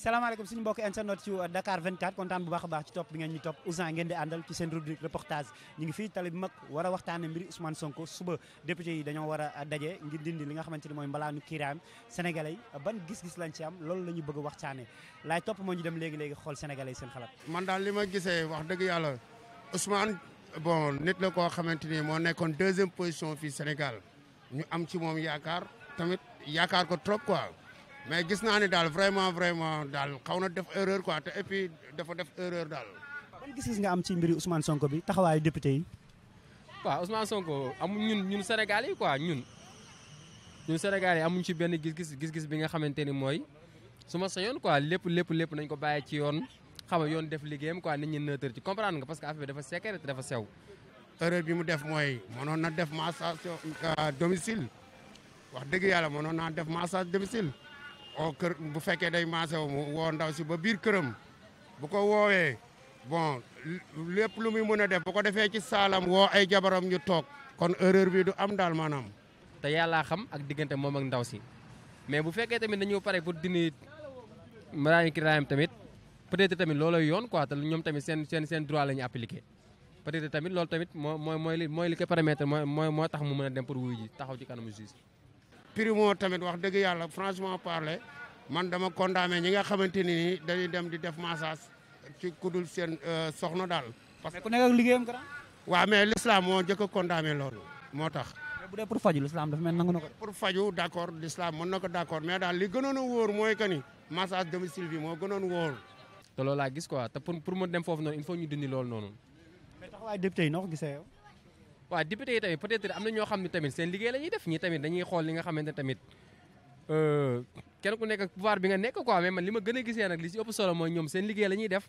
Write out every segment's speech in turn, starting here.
salaamaaleykum suñu mbokk internet ci Dakar kontaan bu baax a baax ci topp bi ngeen ñu topp Ousin ngeen di àndal ci seen rubrique reportage ñu ngi fii tali bi mag war a waxtaane mbiri Ousmane Sonko suba député yi dañoo war a daje ngi dindi li nga xamante ne mooy mbalaanu kiiraayam sénégalais yi ban gis-gis lañ ci am loolu la ñu bëgg a waxtaane laay topp moo ñu dem léegi-léegi xool sénégalais yi seen xalaat man daal li ma gisee wax dëgg yàlla Ousmane bon nit la koo xamante ni moo nekkoon deuxième position fii Sénégal ñu am ci moom yaakaar tamit yaakaar ko trop quoi mais gis naa ni daal vraiment vraiment daal xaw na def erreur quoi te et dafa def erreur daal. ban gis-gis nga am ci mbiri Ousmane Sonko bi taxawaayu député yi. waaw Ousmane Sonko amu ñun ñun Sénégal yi quoi ñun ñun Sénégal yi amuñ ci benn gis-gis gis bi nga xamante ni mooy su ma sa yoon quoi lépp lépp lépp nañ ko bàyyee ci yoon xam nga yoon def liggéeyam quoi nit ñi nëtër ci comprendre nga parce que affaire bi dafa secret dafa sew. erreur bi mu def mooy mënoon na def massage euh, domicile wax dëgg yàlla mënoon naa def massage domicile. o kër bu fekkee day maase mu woo ndaw si ba biir këram bu ko woowee bon lépp lu muy mën a def bu ko ci ay jabaram ñu kon erreur bi du am daal maanaam te yàllaa xam ak diggante moom ak ndaw si mais bu fekkee tamit dañu pare pour dindi marañu kiraayam tamit peut-être tamit loolooy yoon quoi te ñoom tamit seen seen seen droit la ñu appliqué peut-être tamit loolu tamit moo mooy mooy li mooy li ko permettre mooy moo tax mu mën dem pour wuyu ji taxaw ci juge primo tamit wax dëgg yàlla franchement parler man dama condamné ñi nga xamante ne ni dañuy dem di def massage ci kudul seen euh, soxna daal. parce que ku nekk ak liggéeyam grand. waaw mais l'islam moo njëkk a loolu moo tax. bu dee pour faju l'islam dafa mel nangu na ko. pour faju d' accord l'islam mën na ko d' accord mais daal li gënoon a wóor mooy que ni massage domicile bi moo gënoon wóor. te loolu laa gis quoi te pour pour mu dem foofu noonu il faut ñu dindi loolu noonu. mais taxawaay député yi waa député yi tamit peut am na ñoo xam ne tamit seen liggéey la ñuy def ñi tamit dañuy xool li nga xamante tamit euh, kenn ku nekk pouvoir bi nga nekk quoi mais man li ma gën a gisee nag li ci ëpp solo mooy ñoom seen liggéey la ñuy def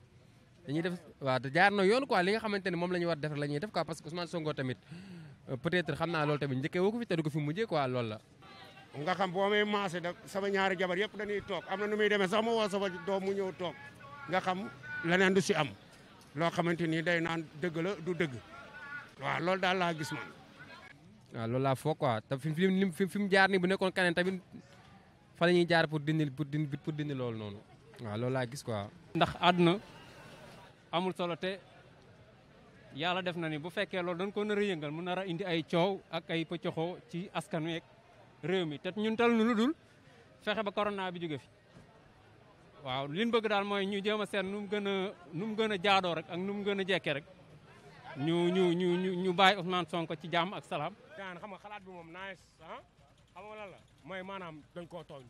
dañuy def waaw na yoon quoi li nga xamante ne moom la ñu war def la ñuy def quoi parce que Ousmane Sonko tamit euh, peut-être xam naa tamit njëkkee woo ko fi te du ko fi mujjee quoi loolu la nga xam boo may maase da sama ñaari jabar yëpp dañuy toog am na nu muy demee sax ma woo sama doom mu ñëw toog nga xam leneen du si am loo xamante ni day naan dëgg la du dëgg waaw loolu daal laa gis man. waaw loolu laa foog quoi te fi mu fi mu jaar nii bu nekkoon keneen tamit fan la ñuy jaar pour dindi pour dindi pour dindi loolu noonu laa gis quoi. ndax àdduna amul solo te yàlla def na ni bu fekkee lool dan ko nar a yëngal mun nar a indi ay coow ak ay pëccoxoo ci askan wi réew mi te ñun tal nu dul fexe ba corona bi jóge fi. waaw li bëgg daal mooy ñu jéem a seet nu mu gën a nu mu gën a jaadoo rek ak nu mu gën a jekkee rek. ñu ñu ñu ñu ñu bàyyi Ousmane Sonko ci jàmm ak salaam. daan xam nga xalaat bi moom nice ah xam nga lan la mooy maanaam dañ koo tooñ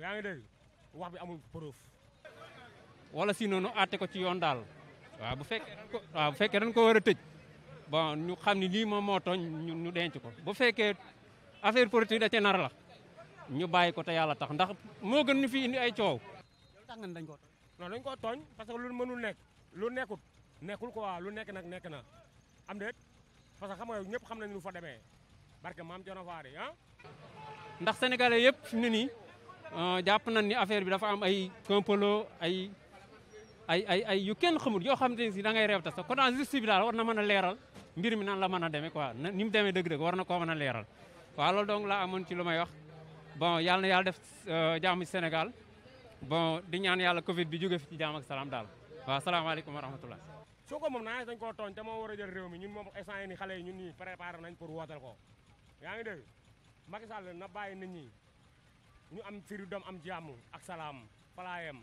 yaa ngi dégg wax bi amul preuve. wala si noonu àtte ko ci yoon daal waaw bu fekkee waaw bu fekkee dañ ko war a tëj bon ñu xam ne lii moom moo tooñ ñu denc ko bu fekkee affaire politique da cee nar la ñu bàyyi ko te yàlla tax ndax moo gën ñu fi indi ay coow. tax nga dañ koo tooñ. non dañ koo tooñ parce que lu mënul nekk lu nekkut. nekkul ko waa lu nekk nag nekk na am déet parce que xam na ñëpp xam nañu lu fa demee barke maam Thierno Fary ah. ndax sénégalais yëpp fi mu ne nii euh, jàpp nañ ni affaire bi dafa am ay complot ay ay ay ay yu kenn xamul yoo xam ne si da ngay réew ta sax kon en justice bi daal war na mën a leeral mbir mi nan la mën a deme ko quoi ni mu demee dëgg-dëgg war na koo mën a leeral. waaw loolu donc laa amoon ci lu may wax bon yàlla na yàlla def euh, jàmm ci Sénégal bon di ñaan yàlla Covid bi jóge fi ci salaam daal waaw salaamaaleykum wa rahmatullah soko mom moom dañ ko togn te mo wara a jël réew mi ñun mom essay ni xalé ñun ni préparé nañ pour wotal ko ya ngi dégg Macky Sall na bàyyi nit ñi ñu am firu dom am jamm ak salam palaayam